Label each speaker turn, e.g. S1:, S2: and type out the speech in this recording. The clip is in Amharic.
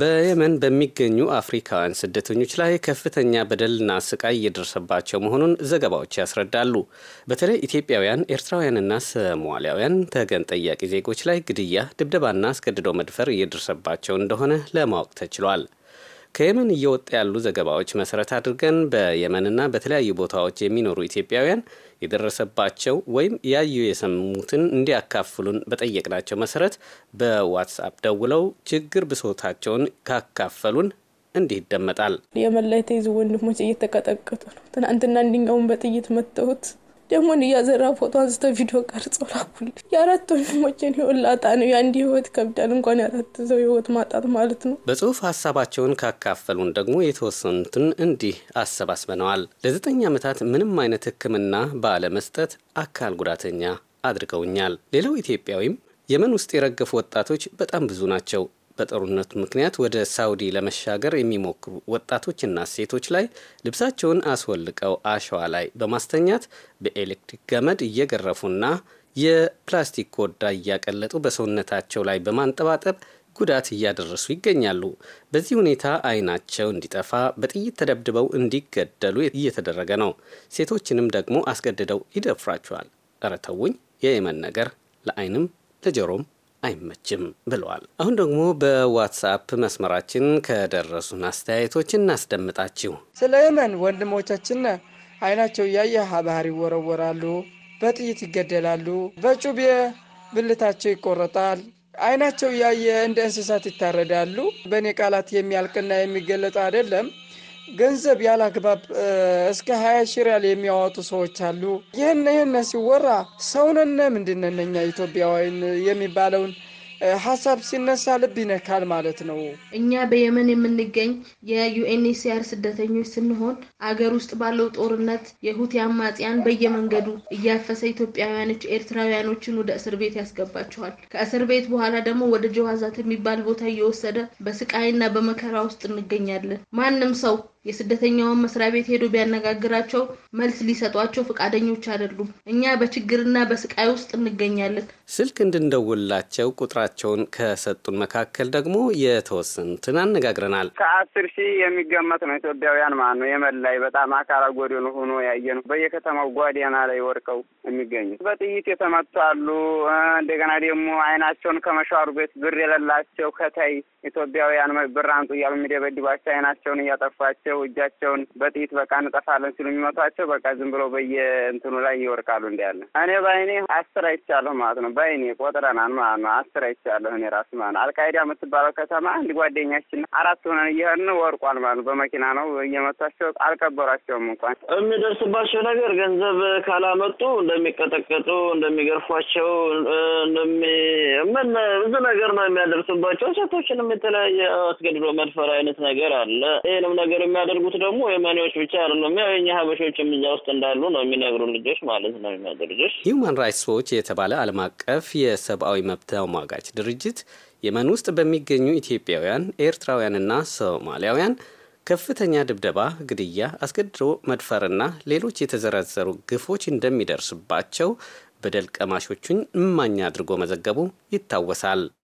S1: በየመን በሚገኙ አፍሪካውያን ስደተኞች ላይ ከፍተኛ በደልና ስቃይ እየደረሰባቸው መሆኑን ዘገባዎች ያስረዳሉ። በተለይ ኢትዮጵያውያን፣ ኤርትራውያንና ሶማሊያውያን ተገን ጠያቂ ዜጎች ላይ ግድያ፣ ድብደባና አስገድዶ መድፈር እየደረሰባቸው እንደሆነ ለማወቅ ተችሏል። ከየመን እየወጡ ያሉ ዘገባዎች መሰረት አድርገን በየመንና በተለያዩ ቦታዎች የሚኖሩ ኢትዮጵያውያን የደረሰባቸው ወይም ያዩ የሰሙትን እንዲያካፍሉን በጠየቅናቸው መሰረት በዋትስአፕ ደውለው ችግር ብሶታቸውን ካካፈሉን እንዲህ ይደመጣል።
S2: የመን ላይ ተይዙ ወንድሞች እየተቀጠቀጡ ነው። ትናንትና አንድኛውን በጥይት መተውት ደግሞን እያዘራ ፎቶ አንስተ ቪዲዮ ቀርጾ ላኩል። የአራት ወንድሞችን ህይወት ላጣ ነው። የአንድ ህይወት ከብዳል፣ እንኳን የአራት ሰው ህይወት ማጣት ማለት ነው።
S1: በጽሁፍ ሀሳባቸውን ካካፈሉን ደግሞ የተወሰኑትን እንዲህ አሰባስበነዋል። ለዘጠኝ ዓመታት ምንም አይነት ህክምና ባለመስጠት አካል ጉዳተኛ አድርገውኛል። ሌላው ኢትዮጵያዊም የመን ውስጥ የረገፉ ወጣቶች በጣም ብዙ ናቸው። በጦርነቱ ምክንያት ወደ ሳውዲ ለመሻገር የሚሞክሩ ወጣቶችና ሴቶች ላይ ልብሳቸውን አስወልቀው አሸዋ ላይ በማስተኛት በኤሌክትሪክ ገመድ እየገረፉና የፕላስቲክ ኮዳ እያቀለጡ በሰውነታቸው ላይ በማንጠባጠብ ጉዳት እያደረሱ ይገኛሉ። በዚህ ሁኔታ አይናቸው እንዲጠፋ በጥይት ተደብድበው እንዲገደሉ እየተደረገ ነው። ሴቶችንም ደግሞ አስገድደው ይደፍራቸዋል። እረ ተውኝ! የየመን ነገር ለአይንም ለጆሮም አይመችም ብለዋል። አሁን ደግሞ በዋትሳፕ መስመራችን ከደረሱን አስተያየቶች እናስደምጣችሁ።
S3: ስለ የመን ወንድሞቻችን አይናቸው እያየ ባህር ይወረወራሉ፣ በጥይት ይገደላሉ፣ በጩቤ ብልታቸው ይቆረጣል። አይናቸው እያየ እንደ እንስሳት ይታረዳሉ። በእኔ ቃላት የሚያልቅና የሚገለጽ አይደለም። ገንዘብ ያላግባብ እስከ ሀያ ሺ ሪያል የሚያወጡ ሰዎች አሉ። ይህን ይህን ሲወራ ሰውነነ ምንድነነኛ እኛ የሚባለውን ሀሳብ ሲነሳ ልብ ይነካል ማለት ነው።
S2: እኛ በየመን የምንገኝ የዩኤንኤችሲአር ስደተኞች ስንሆን አገር ውስጥ ባለው ጦርነት የሁቲ አማጽያን በየመንገዱ እያፈሰ ኢትዮጵያውያኖች፣ ኤርትራውያኖችን ወደ እስር ቤት ያስገባቸዋል። ከእስር ቤት በኋላ ደግሞ ወደ ጀዋዛት የሚባል ቦታ እየወሰደ በስቃይና በመከራ ውስጥ እንገኛለን። ማንም ሰው የስደተኛውን መስሪያ ቤት ሄዶ ቢያነጋግራቸው መልስ ሊሰጧቸው ፈቃደኞች አይደሉም። እኛ በችግርና በስቃይ ውስጥ እንገኛለን።
S1: ስልክ እንድንደውላቸው ቁጥራቸውን ከሰጡን መካከል ደግሞ የተወሰኑትን አነጋግረናል።
S4: ከአስር ሺህ የሚገመት ነው ኢትዮጵያውያን ማለት ነው። የመን ላይ በጣም አካል ጎዶሎ ሆኖ ያየ ነው። በየከተማው ጓዲያና ላይ ወድቀው የሚገኙ በጥይት የተመቱ አሉ። እንደገና ደግሞ አይናቸውን ከመሻሩ ቤት ብር የሌላቸው ከታይ ኢትዮጵያውያን ብር አንጡ እያሉ የሚደበድባቸው አይናቸውን እያጠፋቸው ናቸው። እጃቸውን በጥይት በቃ እንጠፋለን ሲሉ የሚመቷቸው በቃ ዝም ብሎ በየእንትኑ ላይ ይወርቃሉ። እንዲ ያለ እኔ በአይኔ አስር አይቻለሁ ማለት ነው። በአይኔ ቆጥረናል ማለት ነው። አስር አይቻለሁ እኔ ራሱ ማለት ነው። አልቃይዳ የምትባለው ከተማ አንድ ጓደኛችን አራት ሆነን እየሄድን ወርቋል ማለት ነው። በመኪና ነው እየመቷቸው፣ አልቀበሯቸውም እንኳን የሚደርስባቸው ነገር ገንዘብ ካላመጡ እንደሚቀጠቀጡ፣ እንደሚገርፏቸው እንደሚ ምን ብዙ ነገር ነው የሚያደርስባቸው። ሴቶችንም የተለያየ አስገድዶ መድፈር አይነት ነገር አለ። ይህንም ነገር የሚያ የሚያደርጉት ደግሞ የመኔዎች ብቻ አይደለም። ያው የኛ ሀበሾችም እዛ ውስጥ እንዳሉ ነው የሚነግሩ ልጆች ማለት ነው የሚያደ ልጆች
S1: ሂውማን ራይትስ ዎች የተባለ ዓለም አቀፍ የሰብአዊ መብት ተሟጋች ድርጅት የመን ውስጥ በሚገኙ ኢትዮጵያውያን፣ ኤርትራውያንና ሶማሊያውያን ከፍተኛ ድብደባ፣ ግድያ፣ አስገድዶ መድፈርና ሌሎች የተዘረዘሩ ግፎች እንደሚደርስባቸው በደል ቀማሾቹን እማኛ አድርጎ መዘገቡ ይታወሳል።